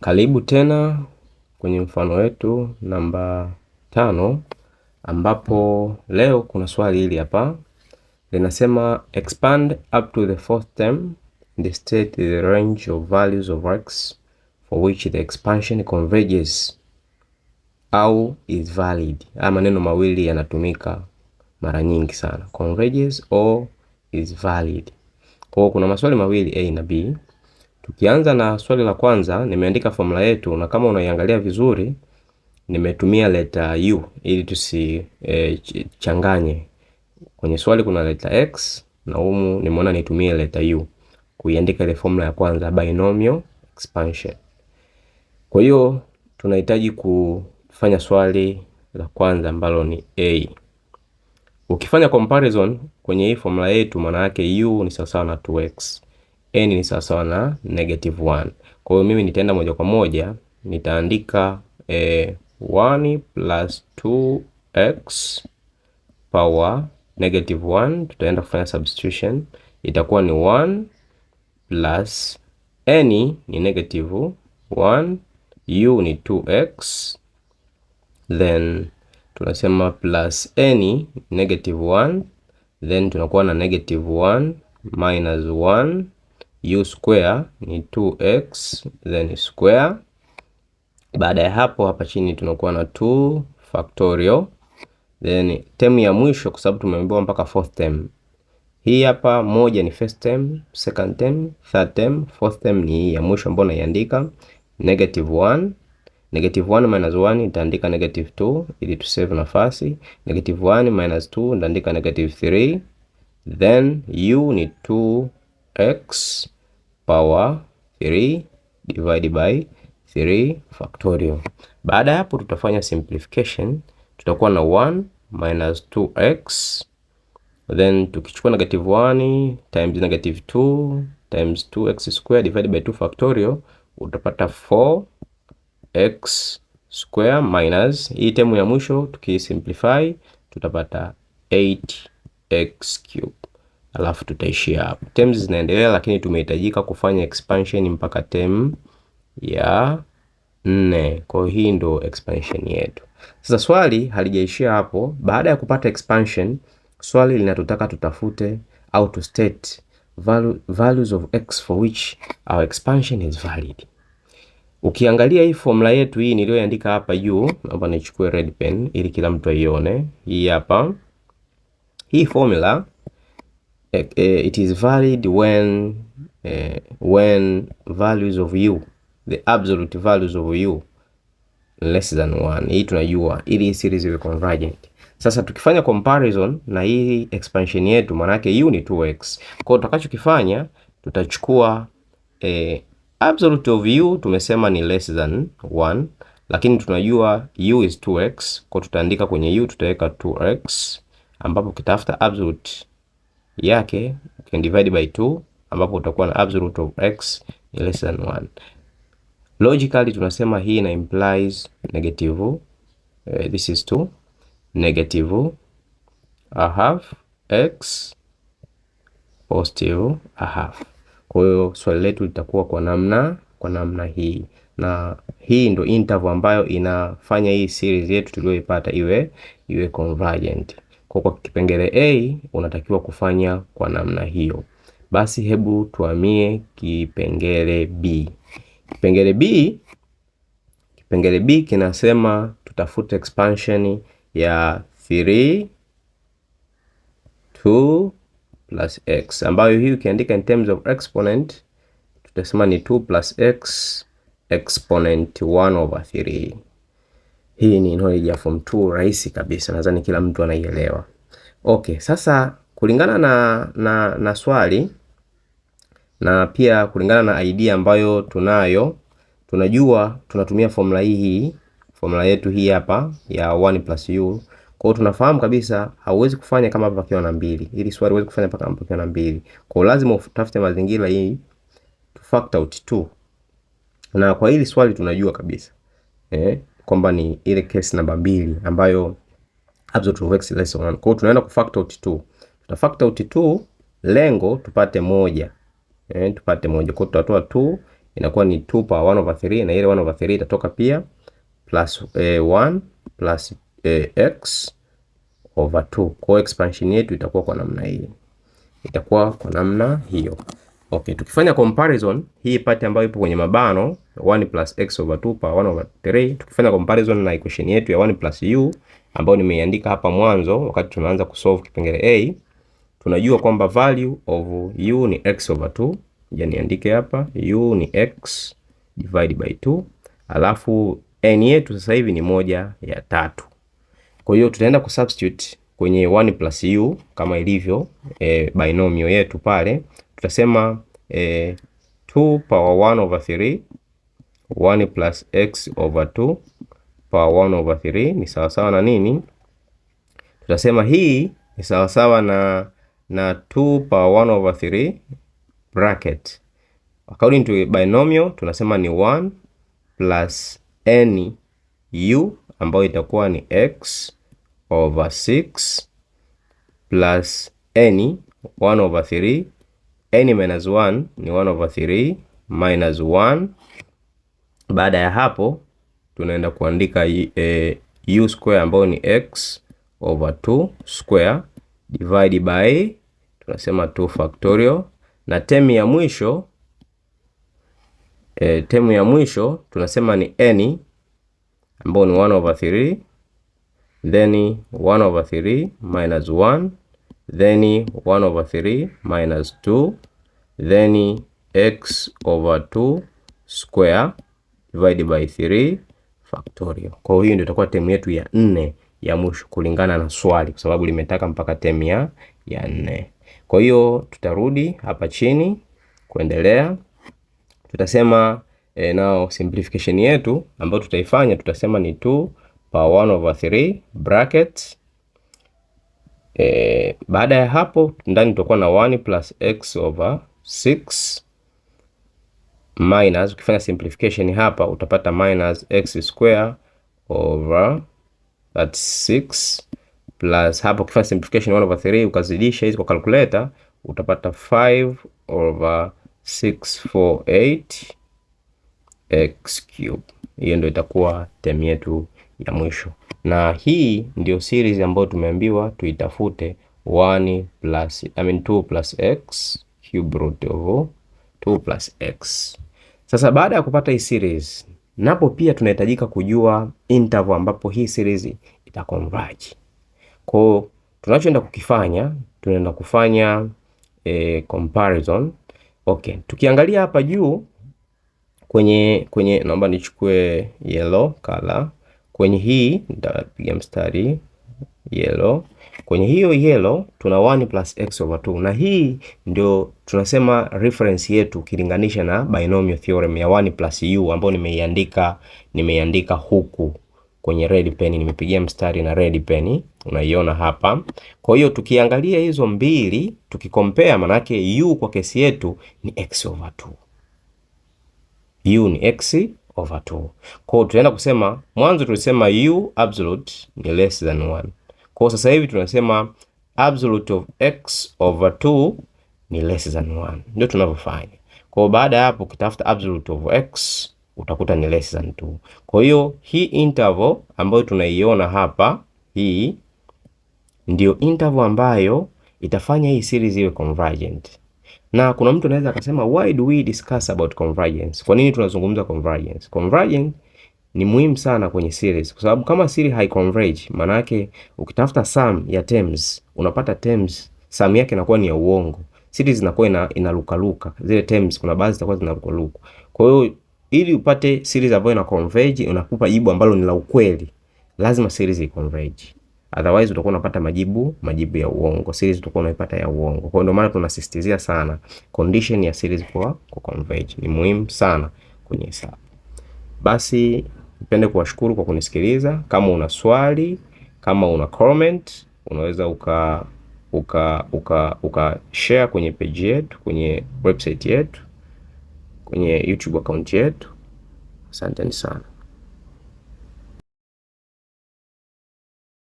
Karibu tena kwenye mfano wetu namba tano ambapo leo kuna swali hili hapa linasema expand up to the fourth term and state the range of values of x for which the expansion converges au is valid. Haya maneno mawili yanatumika mara nyingi sana, converges or is valid. Kwa hiyo kuna maswali mawili a na b Tukianza na swali la kwanza, nimeandika formula yetu na kama unaiangalia vizuri nimetumia leta u ili tusichanganye. E, kwenye swali kuna leta x na humu nimeona nitumie leta u kuiandika ile formula ya kwanza binomial expansion. Kwa hiyo tunahitaji kufanya swali la kwanza ambalo ni a. Ukifanya comparison kwenye hii formula yetu maana yake u ni sawasawa na 2x n ni sawa sawa na negative 1. Kwa hiyo mimi nitaenda moja kwa moja nitaandika eh, e, 1 plus 2x power negative 1. Tutaenda kufanya substitution, itakuwa ni 1 plus n ni negative 1, u ni 2x, then tunasema plus n negative 1, then tunakuwa na negative 1 minus 1 u square ni 2x then square. Baada ya hapo, hapa chini tunakuwa na 2 factorial then term ya mwisho, kwa sababu tumeambiwa mpaka fourth term. Hii hapa moja ni first term, second term, third term, fourth term ni hii ya mwisho ambayo naiandika negative 1 negative 1 minus 1 nitaandika negative 2 ili tusave nafasi. Negative 1 minus 2 nitaandika negative 3 then u ni x power 3 divided by 3 factorial. Baada ya hapo tutafanya simplification, tutakuwa na 1 minus 2x then tukichukua negative 1 times negative 2 times 2x square divided by 2 factorial utapata 4x square minus hii temu ya mwisho tukisimplify tutapata 8x cube alafu tutaishia hapo. Terms zinaendelea, lakini tumehitajika kufanya expansion mpaka term ya nne. Kwa hiyo hii ndo expansion yetu. Sasa swali halijaishia hapo. Baada ya kupata expansion, swali linatutaka tutafute au to state value, values of x for which our expansion is valid. Ukiangalia hii formula yetu hii niliyoandika hapa juu, naomba nichukue red pen ili kila mtu aione. Hii hapa hii formula Eh, eh, it is valid when uh, when values of u the absolute values of u less than 1. Hii tunajua ili series iwe convergent. Sasa tukifanya comparison na hii expansion yetu, maana yake u ni 2x. Kwa hiyo tutakachokifanya tutachukua eh, absolute of u tumesema ni less than 1, lakini tunajua u is 2x, kwa tutaandika kwenye u tutaweka 2x, ambapo kitafuta absolute yake can divide by 2 ambapo utakuwa na absolute of x ni less than 1. Logically tunasema hii ina implies negative uh, this is 2 negative a half x positive a half. Kwa hiyo swali letu litakuwa kwa namna kwa namna hii, na hii ndo interval ambayo inafanya hii series yetu tuliyoipata iwe iwe convergent. Kwa kwa kipengele A unatakiwa kufanya kwa namna hiyo. Basi hebu tuamie kipengele B. Kipengele B, kipengele B kinasema tutafute expansion ya 3 2 plus x ambayo hii ukiandika in terms of exponent tutasema ni 2 plus x exponent 1 over 3. Hii ni knowledge ya form 2 rahisi kabisa, nadhani kila mtu anaielewa. Okay, sasa kulingana na, na, na swali na pia kulingana na idea ambayo tunayo, tunajua tunatumia formula hii hii, formula yetu hii hapa ya 1 plus u. Kwa hiyo tunafahamu kabisa hauwezi kufanya kama hapa pakiwa na mbili, ili swali uweze kufanya paka pakiwa na mbili. Kwa hiyo lazima utafute mazingira hii to factor out 2, na kwa hili swali tunajua kabisa eh kwamba ni ile case namba mbili ambayo absolute works less than 1. Kwa hiyo tunaenda ku factor out 2. Tuta factor out 2 lengo tupate moja. Eh, tupate moja. Kwa hiyo tutatoa 2 inakuwa ni 2 power 1 over 3 na ile 1 over 3 itatoka pia plus eh, 1 plus eh, x over 2. Kwa hiyo expansion yetu itakuwa kwa namna hii. Itakuwa kwa namna hiyo. Okay, tukifanya comparison hii part ambayo ipo kwenye mabano 1 plus x over 2 power 1 over 3, tukifanya comparison na equation yetu ya 1 plus u ambayo nimeiandika hapa mwanzo wakati tunaanza kusolve kipengele a, tunajua kwamba value of u ni x over 2. Je, niandike hapa u ni x divide by 2, alafu n yetu sasa hivi ni moja ya tatu. Kwa hiyo tutaenda kusubstitute kwenye 1 plus u kama ilivyo e, binomio yetu pale tutasema eh, 2 power 1 over 3 1 plus x over 2 power 1 over 3 ni sawasawa na nini? Tutasema hii ni sawasawa na na 2 power 1 over 3 bracket. According to binomial tunasema ni 1 plus n u ambayo itakuwa ni x over 6 plus n 1 over 3 n minus 1 ni 1 over 3 minus 1. Baada ya hapo tunaenda kuandika e, u square ambayo ni x over 2 square divide by tunasema 2 factorial, na temu ya mwisho e, temu ya mwisho tunasema ni n ambayo ni 1 over 3 then 1 over 3 minus 1 then 1 over 3 minus 2 then x over 2 square divided by 3 factorial. Kwa hiyo ndio itakuwa temu yetu ya nne ya mwisho kulingana na swali, kwa sababu limetaka mpaka temu ya ya nne. Kwa hiyo tutarudi hapa chini kuendelea, tutasema e, eh, nao simplification yetu ambayo tutaifanya tutasema ni 2 power 1 over 3 brackets E, baada ya hapo ndani tutakuwa na 1 plus x over 6 minus, ukifanya simplification hapa utapata minus x square over that 6 plus, hapa ukifanya simplification 1 over 3 ukazidisha hizi kwa calculator utapata 5 over 648 x cube. Hiyo ndio itakuwa temu yetu ya mwisho na hii ndio series ambayo tumeambiwa tuitafute 1 plus, I mean 2 plus x cube root of 2 plus x. Sasa baada ya kupata hii series, napo pia tunahitajika kujua interval ambapo hii series ita converge. Kwa hiyo tunachoenda kukifanya tunaenda kufanya e, comparison. Okay, tukiangalia hapa juu kwenye kwenye, naomba nichukue yellow color Kwenye hii nitapiga mstari yellow. Kwenye hiyo yellow tuna 1 plus x over 2, na hii ndio tunasema reference yetu kilinganisha na binomial theorem ya 1 plus u ambayo nimeiandika nimeiandika huku kwenye red pen, nimepigia mstari na red pen, unaiona hapa. Kwa hiyo tukiangalia hizo mbili tukikompea, manake u kwa kesi yetu ni x over 2, u ni x over 2. Kwa tunaenda kusema mwanzo tulisema u absolute ni less than 1. Kwa sasa hivi tunasema absolute of x over 2 ni less than 1. Ndio tunavyofanya. Kwa baada ya hapo ukitafuta absolute of x utakuta ni less than 2. Kwa hiyo hii interval ambayo tunaiona hapa hii ndio interval ambayo itafanya hii series iwe convergent. Na kuna mtu anaweza akasema why do we discuss about convergence? Kwa nini tunazungumza convergence? Convergence ni muhimu sana kwenye series kwa sababu kama series haiconverge, maana yake ukitafuta sum ya terms unapata terms sum yake inakuwa ni ya uongo. Series zinakuwa ina, luka. Zile terms kuna baadhi zitakuwa luka. Kwa hiyo ili upate series ambayo ina converge, unakupa jibu ambalo ni la ukweli, lazima series iconverge. Otherwise utakuwa unapata majibu majibu ya uongo, series utakuwa unaipata ya uongo. Kwa hiyo ndio maana tunasisitizia sana condition ya series kwa ku converge ni muhimu sana kwenye hesabu. Basi nipende kuwashukuru kwa kunisikiliza. Kama una swali, kama una comment, unaweza uka uka uka uka share kwenye page yetu, kwenye website yetu, kwenye YouTube account yetu. Asanteni sana.